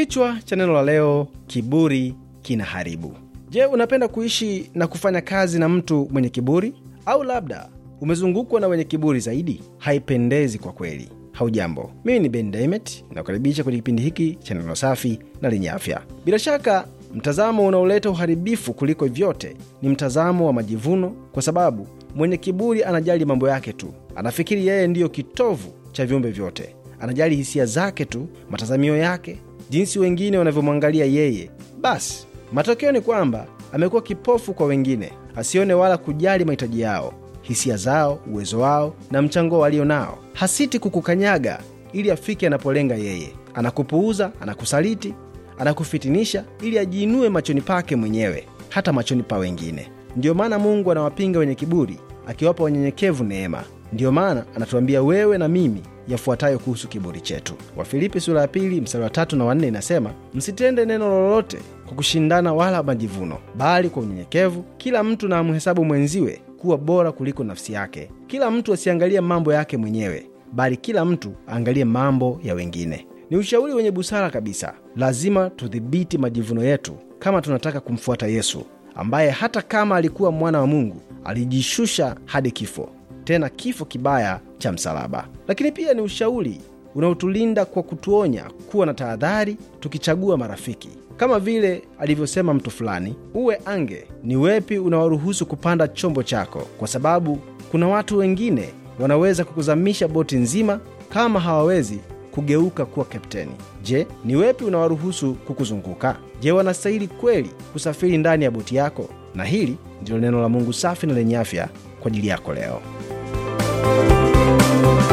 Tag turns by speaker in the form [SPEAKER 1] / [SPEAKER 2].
[SPEAKER 1] Kichwa cha neno la leo: kiburi kina haribu Je, unapenda kuishi na kufanya kazi na mtu mwenye kiburi? Au labda umezungukwa na wenye kiburi zaidi? Haipendezi kwa kweli. Haujambo, mimi ni Ben Daimet, nakukaribisha kwenye kipindi hiki cha neno safi na lenye afya. Bila shaka mtazamo unaoleta uharibifu kuliko vyote ni mtazamo wa majivuno, kwa sababu mwenye kiburi anajali mambo yake tu. Anafikiri yeye ndiyo kitovu cha viumbe vyote, anajali hisia zake tu, matazamio yake jinsi wengine wanavyomwangalia yeye, basi matokeo ni kwamba amekuwa kipofu kwa wengine, asione wala kujali mahitaji yao, hisia zao, uwezo wao na mchango walio nao. Hasiti kukukanyaga ili afike anapolenga yeye. Anakupuuza, anakusaliti, anakufitinisha ili ajiinue machoni pake mwenyewe, hata machoni pa wengine. Ndiyo maana Mungu anawapinga wenye kiburi, akiwapa wanyenyekevu neema. Ndiyo maana anatuambia wewe na mimi yafuatayo kuhusu kiburi chetu. Wafilipi sura ya pili mstari wa tatu na wanne inasema, msitende neno lolote kwa kushindana wala majivuno, bali kwa unyenyekevu kila mtu na amhesabu mwenziwe kuwa bora kuliko nafsi yake. Kila mtu asiangalie mambo yake mwenyewe, bali kila mtu aangalie mambo ya wengine. Ni ushauri wenye busara kabisa. Lazima tudhibiti majivuno yetu kama tunataka kumfuata Yesu ambaye hata kama alikuwa mwana wa Mungu alijishusha hadi kifo tena kifo kibaya cha msalaba. Lakini pia ni ushauri unaotulinda kwa kutuonya kuwa na tahadhari tukichagua marafiki, kama vile alivyosema mtu fulani, uwe ange ni wepi unawaruhusu kupanda chombo chako, kwa sababu kuna watu wengine wanaweza kukuzamisha boti nzima kama hawawezi kugeuka kuwa kapteni. Je, ni wepi unawaruhusu kukuzunguka? Je, wanastahili kweli kusafiri ndani ya boti yako? Na hili ndilo neno la Mungu safi na lenye afya kwa ajili yako leo. Música